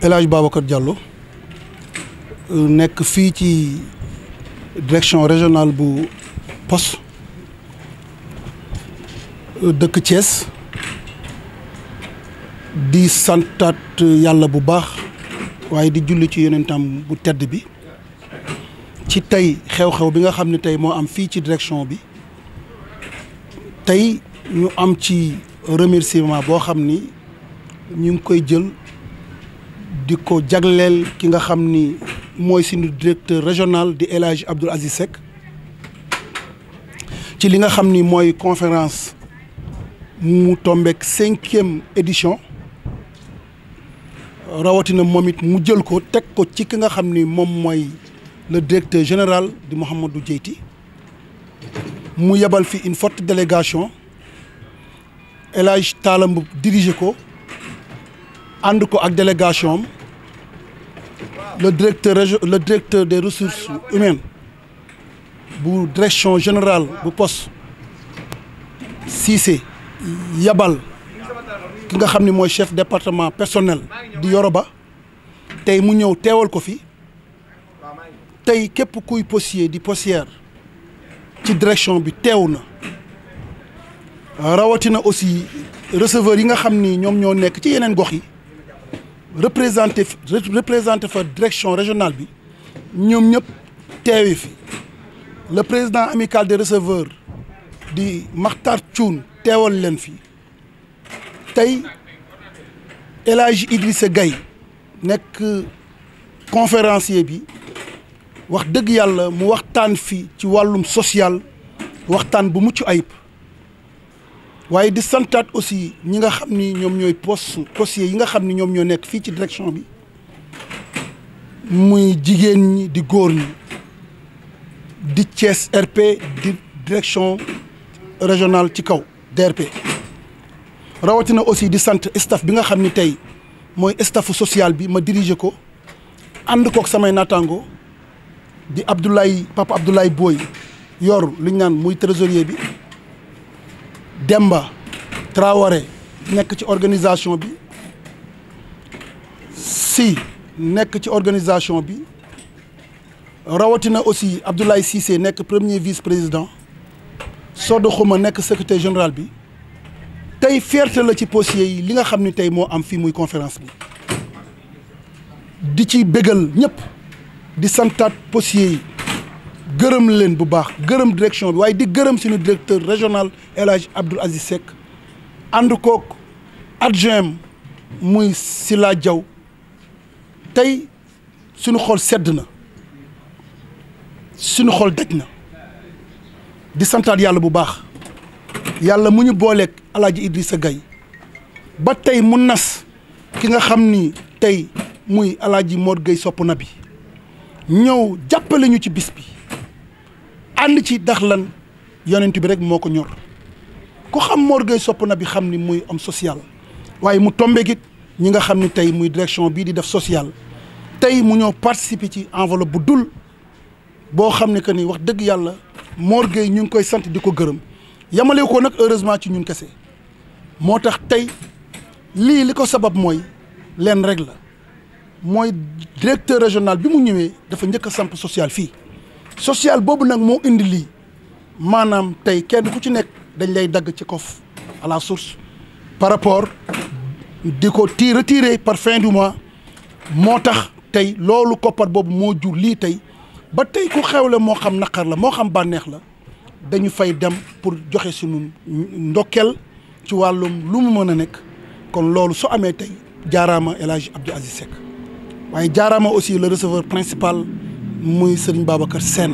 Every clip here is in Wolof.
El Hadj Babacar euh, nekk fii ci direction régionale bu poste euh, dëkk Thiès di santaat yàlla bu baax waaye di julli ci yonentam bu tedd bi ci tey xew-xew bi nga xam ne tey moo am fii ci direction bi tey ñu am ci remerciement boo xam ni ñu ngi koy jël di ko jagleel ki nga xam ni mooy suñu directeur régional di élage Hadj Abdoul Aziz Seck ci li nga xam ni mooy conférence mu tombeek cinquième édition rawatina moom it mu jël ko teg ko ci ki nga xam ni moom mooy le directeur général di Mouhamadou Diéyti mu yebal fi une forte délégation El Hadj Talla Mboup dirigé ko ànd ko ak délégation le directeur le directeur des ressources humaines bu direction générale bu poste Cissé yabal ki nga xam ni mooy chef département personnel di Yoroba tey mu ñëw teewal ko fi tey képp kuy postier di postière ci direction bi teew na rawatina aussi receveur yi nga xam ni ñoom ñoo nekk ci yeneen gox yi représenté représenté fa direction régionale bi ñoom ñëpp teewi fi le président amical des receveurs di Makhtar Thioun teewal leen fi tey El Hadj Idrissa Gueye nekk conférencier bi wax dëgg yàlla mu waxtaan fi ci wàllum social waxtaan bu mucc ayib waaye di santaat aussi ñi nga xam ni ñoom ñooy poste postier yi nga xam ni ñoom ñoo nekk fii ci direction bi muy jigéen ñi di góor ñi di Thiès RP di direction régionale ci kaw DRP rawatina aussi di sant staff bi nga xam ni tey mooy staffu social bi ma diriger ko ànd kook samay naataango di Abdoulaye Papa Abdoulaye booy yor li ñu naan muy trésorier bi Demba traware nekk ci organisation bi si nekk ci organisation bi rawatina aussi Abdoulaye Cissé nekk premier vice-président Sodo Xuma nekk secrétaire général bi tey fierté la ci possier yi li nga xam ni tey moo am fii muy conférence bi di ci bégal ñëpp di santaat possier yi gërëm leen bu baax gërëm direction bi waaye di gërëm suñu directeur régional El Hadj Abdoul Aziz Seck ànd koog adjoint muy Sila Diaw tey suñu xol sedd na suñu xol daj na di santaat yàlla bu baax yàlla mu ñu booleek El Hadj sa gay ba tey mu nas ki nga xam ni tey muy El Hadj Mor Gueye sopp na bi ñëw jàppale ñu ci bis bi. ànd ci dax lan yonent bi rek moo ko ñor ku xam Mor Gueye sopp na bi xam ni muy om social waaye mu tombe ñi nga xam ni tey muy direction bii di def sociale tey mu ñoo participer ci enveloppe bu dul boo xam ne que ni wax dëgg yàlla Mor Gueye ñu ngi koy sant di ko gërëm yamale ko nag heureusement ci ñun kese moo tax tey lii li ko sabab mooy leen rek la mooy directeur régional bi mu ñëwee dafa njëkk a samp social fii sociale boobu nag moo indi lii maanaam tey kenn ku ci nekk dañ lay dagg ci kof à la source par rapport di ko ti retiré par fin du mois moo tax tey loolu koppar boobu moo jur lii tey ba tey ku xewle moo xam naqar la moo xam bànneex la dañu fay dem pour joxe suñu ndokkeel ci wàllum lu mu mën a nekk kon loolu soo amee tey jaaraama El Hadj Abdou Aziz Seck waaye jaaraama aussi le receveur principal muy sëriñ Babacar seen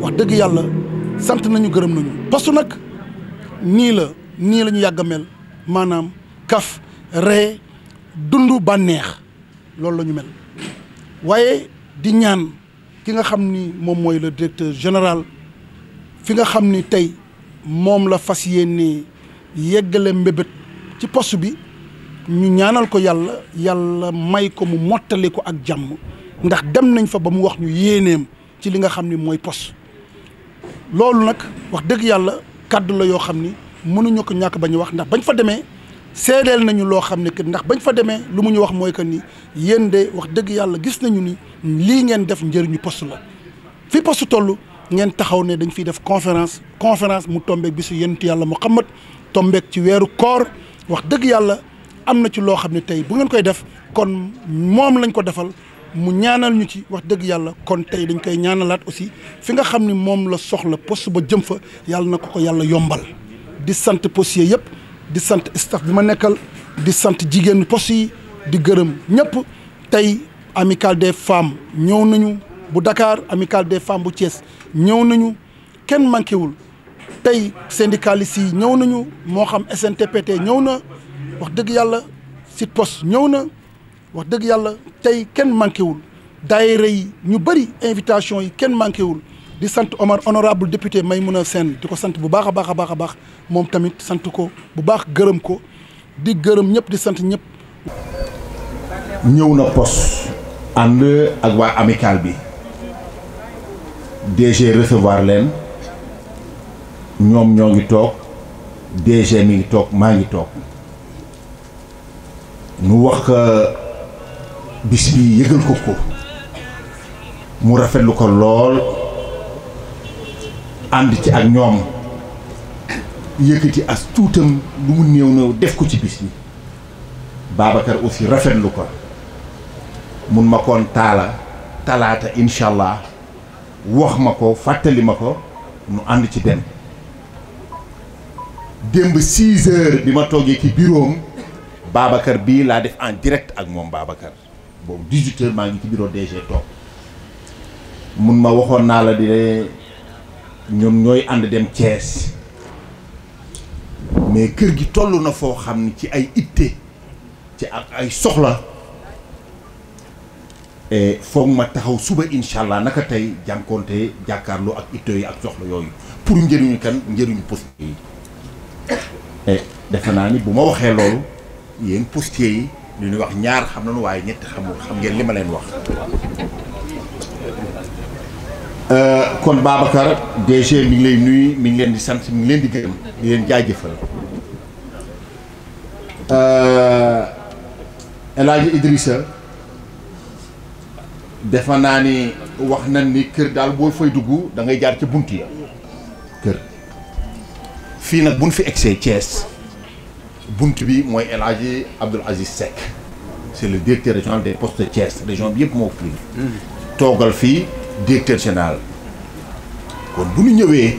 wax dëgg yàlla sant nañu gërëm nañu parce que nag nii la nii la ñu yàgg mel maanaam kaf ree dund bànneex loolu lañu mel waaye di ñaan ki nga xam ni moom mooy le directeur général fi nga xam ni tey moom la fas yéene yeggale mbébét ci post bi ñu ñaanal ko yàlla yàlla may ko mu mottali ko ak jàmm ndax dem nañ fa ba mu wax ñu yéeneem ci li nga xam ni mooy poste loolu nag wax dëgg yàlla kàddu la yoo xam ni mënuñoo ko ñàkk ba ñu wax ndax bañ fa demee seedeel nañu loo xam ne que ndax bañ fa demee lu mu ñu wax mooy que ni yéen de wax dëgg yàlla gis nañu ni lii ngeen def njëriñu post la fi poste toll ngeen taxaw ne dañ fiy def conférence conférence mu tombeek bisu yentu yàlla Muhammad tombeek ci weeru koor wax dëgg yàlla am na ci loo xam ne tey bu ngeen koy def kon moom lañ ko defal mu ñaanal ñu ci wax dëgg yàlla kon tey dañ koy ñaanalaat aussi fi nga xam ni moom la soxla post ba jëm fa yàlla na ko ko yàlla yombal di sant postier yëpp di sant staff bi ma nekkal di sant jigéenu poste yi di gërëm ñëpp tey amicale de femmes ñëw nañu bu dakaar amicale des femmes bu Thiès ñëw nañu kenn manqué wul tey syndicalistes yi ñëw nañu moo xam SNTPT ñëw na wax dëgg yàlla site poste ñëw na wax dëgg yàlla tey kenn manqué wul daayira yi ñu bëri invitation yi kenn manqué wul di sant Omar honorable député a Sène di ko sant bu baax a baax a baax a baax moom tamit sant ko bu baax gërëm ko di gërëm ñëpp di sant ñëpp. ñëw na pos ànd ak waa amical bi DG resevoir leen ñoom ñoo ngi toog DG mi ngi toog maa ngi toog ñu wax. bis bi yëgal ko ko mu rafetlu ko lool ànd ci ak ñoom yëkkati as tuutam lu mu néew néew def ko ci bis bi Babacar aussi rafetlu ko mun ma koon taala talaata incha allah wax ma ko fàttali ma ko nu ànd ci benn démb 6 bi ma toogee ci bureau baabakër bii laa def en direct ak moom Babacar. boobu 18 heures maa ngi ci bureau DG toog mun ma waxoon naa la di ne ñoom ñooy ànd dem Thiès mais kër gi toll na foo xam ne ci ay itte ci ak ay soxla foog ma taxaw suba incha allah naka tey jànkoonte jàkkaarloo ak itte yi ak soxla yooyu pour njëriñu kan njëriñu postier yi defe naa ni bu ma waxee loolu yéen postier yi li ñuy wax ñaar xam na nañu waaye ñetti xamul xam ngeen li ma leen wax. Euh, kon Babacar DG mi ngi lay nuyu mi leen di sant mi leen di gërëm di leen jaajëfal euh, El Hadj Idrissa defa naa ni wax nañ ni kër daal boo fay dugg dangay ngay jaar ci bunt ya kër. fii nag buñ fi egsee cees bunt bi mooy El Hadji Abdoul Aziz c'est le directeur régional des postes de Thiès région bi yëpp moo ko toogal fii directeur kon bu ñu ñëwee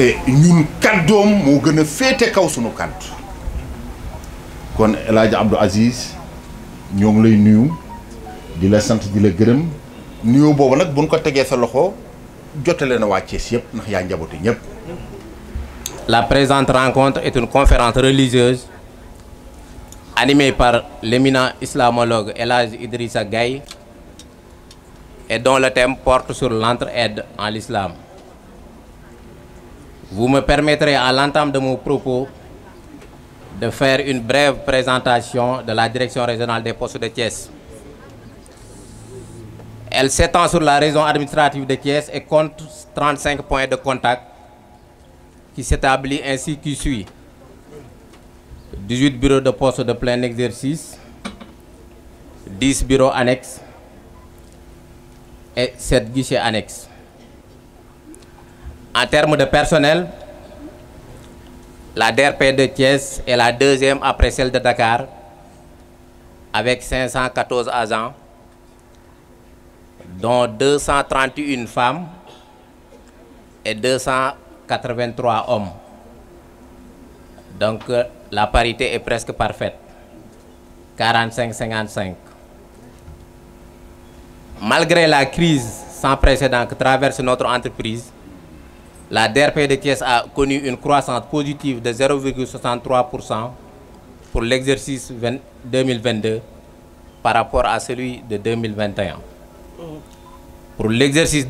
eh, ñun kàddoom moo gën a féete kaw sunu kàddu kon El Hadji Abdoul Aziz ñoo ngi lay nuyu di la sant di la gërëm nuyoo boobu nag buñ ko tegee sa loxo jotale na waa Thiès yëpp ndax yaa njaboote ñëpp La présente rencontre est une conférence religieuse animée par l'éminent islamologue Elhaj Idrissa et dont le thème porte sur l'entraide en l'islam. Vous me à l'entame de mon propos de faire une brève présentation de la direction régionale des postes de Thiès. Elle s'étend sur la région administrative de Thiès et compte 35 points de contact qui s'établit ainsi qui suit. 18 bureaux de poste de plein exercice, 10 bureaux annexes et 7 guichets annexes. En termes de personnel, la DRP de Thiès est la deuxième après celle de Dakar avec 514 agents, dont 231 femmes et 200 83 hommes. Donc euh, la parité est presque parfaite. 45-55. Malgré la crise sans précédent que traverse notre entreprise, la DRP de Thiès a connu une croissance positive de 0,63% pour l'exercice 2022 par rapport à celui de 2021. Pour l'exercice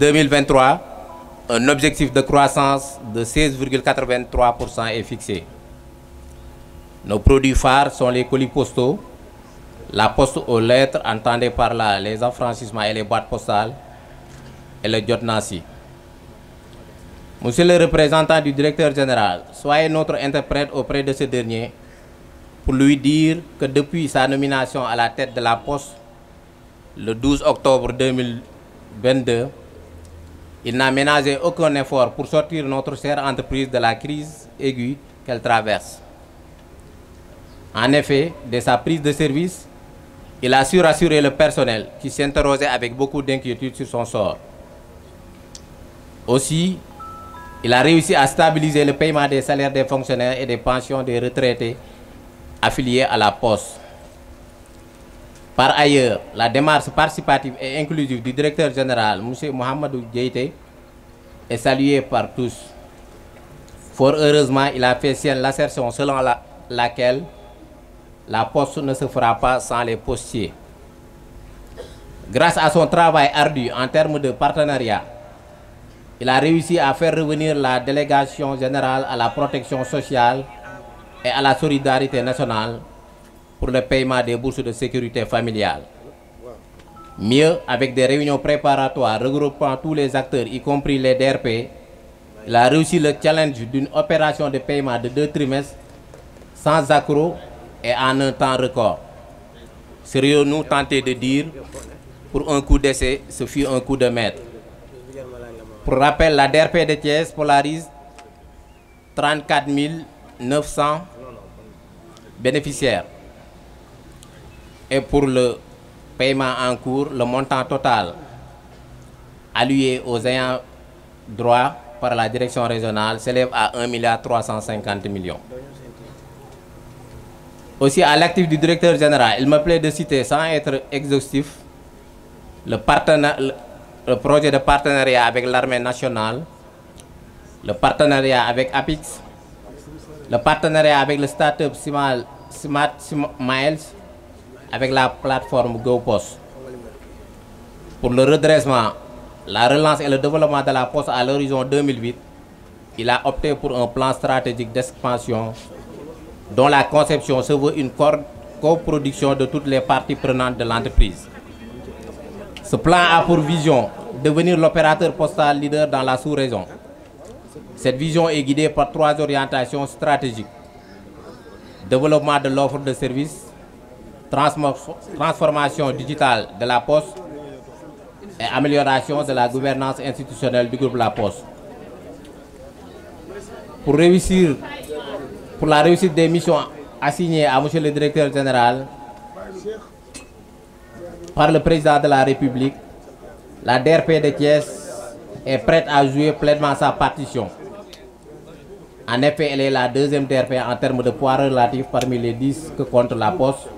un objectif de croissance de 16,83% est fixé. Nos produits phares sont les colis postaux, la poste aux lettres, entendez par là les affranchissements et les boîtes postales, et le Jotnancy. Monsieur le représentant du directeur général, soyez notre interprète auprès de ce dernier pour lui dire que depuis sa nomination à la tête de la poste, le 12 octobre 2022, Il n'a ménagé aucun effort pour sortir notre chère entreprise de la crise aiguë qu'elle traverse. En effet, dès sa prise de service, il a su rassurer le personnel qui s'interrogeait avec beaucoup d'inquiétude sur son sort. Aussi, il a réussi à stabiliser le paiement des salaires des fonctionnaires et des pensions des retraités affiliés à la Poste. Par ailleurs, la démarche participative et inclusive du directeur général, M. Mohamedou Djeité, est saluée par tous. Fort heureusement, il a fait sienne l'assertion selon la, laquelle la poste ne se fera pas sans les postiers. Grâce à son travail ardu en termes de partenariat, il a réussi à faire revenir la délégation générale à la protection sociale et à la solidarité nationale pour le paiement des bourses de sécurité familiale. Mieux, avec des réunions préparatoires regroupant tous les acteurs, y compris les DRP, il a réussi le challenge d'une opération de paiement de deux trimestres sans accroc et en un temps record. Serions-nous tentés de dire, pour un coup d'essai, ce fut un coup de maître. Pour rappel, la DRP de Thiès polarise 34 900 bénéficiaires. et pour le paiement en cours, le montant total alloué aux ayants droit par la direction régionale s'élève à 1,35 milliard. Aussi, à l'actif du directeur général, il me plaît de citer, sans être exhaustif, le, le projet de partenariat avec l'armée nationale, le partenariat avec APIX, le partenariat avec le startup Smart Miles, avec la plateforme GoPost pour le redressement, la relance et le développement de la poste à l'horizon 2008, il a opté pour un plan stratégique d'expansion dont la conception se veut une coproduction de toutes les parties prenantes de l'entreprise. Ce plan a pour vision devenir l'opérateur postal leader dans la sous-région. Cette vision est guidée par trois orientations stratégiques. Développement de l'offre de services, transformation digitale de la Poste et amélioration de la gouvernance institutionnelle du groupe La Poste. Pour réussir, pour la réussite des missions assignées à Monsieur le Directeur Général par le Président de la République, la DRP de Thiès est prête à jouer pleinement sa partition. En effet, elle est la deuxième DRP en termes de poids relatif parmi les 10 que la Poste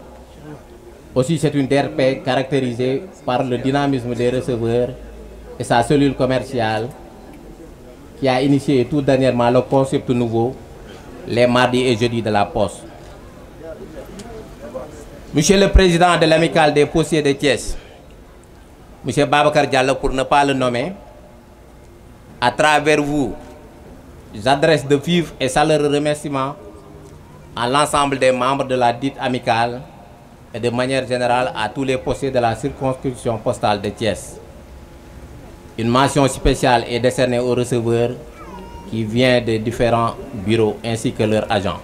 Aussi, c'est une DRP caractérisée par le dynamisme des receveurs et sa cellule commerciale qui a initié tout dernièrement le concept nouveau, les mardis et jeudis de la poste. Monsieur le Président de l'Amicale des postiers de Thiès, Monsieur Babacar Diallo, pour ne pas le nommer, à travers vous, j'adresse de vifs et chaleureux remerciements à l'ensemble des membres de la dite amicale et de manière générale à tous les postés de la circonscription postale de Thiès. Une mention spéciale est décernée aux receveurs qui vient des différents bureaux ainsi que leurs agents.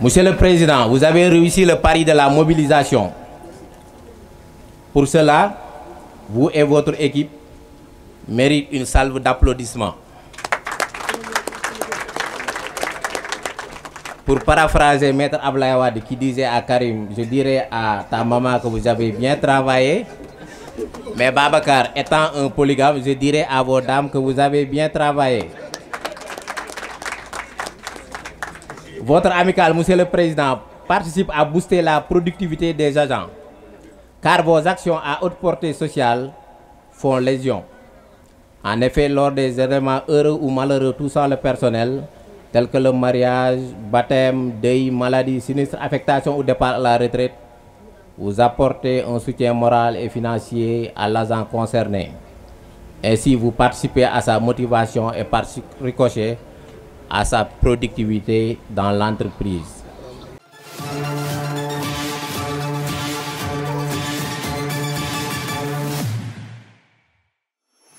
Monsieur le Président, vous avez réussi le pari de la mobilisation. Pour cela, vous et votre équipe méritent une salve d'applaudissements. pour paraphraser Maître Ablaye Wade qui disait à Karim, je dirais à ta maman que vous avez bien travaillé. Mais Babacar, étant un polygame, je dirais à vos dames que vous avez bien travaillé. Votre amical, Monsieur le Président, participe à booster la productivité des agents, car vos actions à haute portée sociale font lésion. En effet, lors des événements heureux ou malheureux touchant le personnel, tels que le mariage, baptême, deuil, maladie, sinistre, affectation ou départ à la retraite, vous apportez un soutien moral et financier à l'agent concerné. Ainsi, vous participez à sa motivation et par ricochet à sa productivité dans l'entreprise.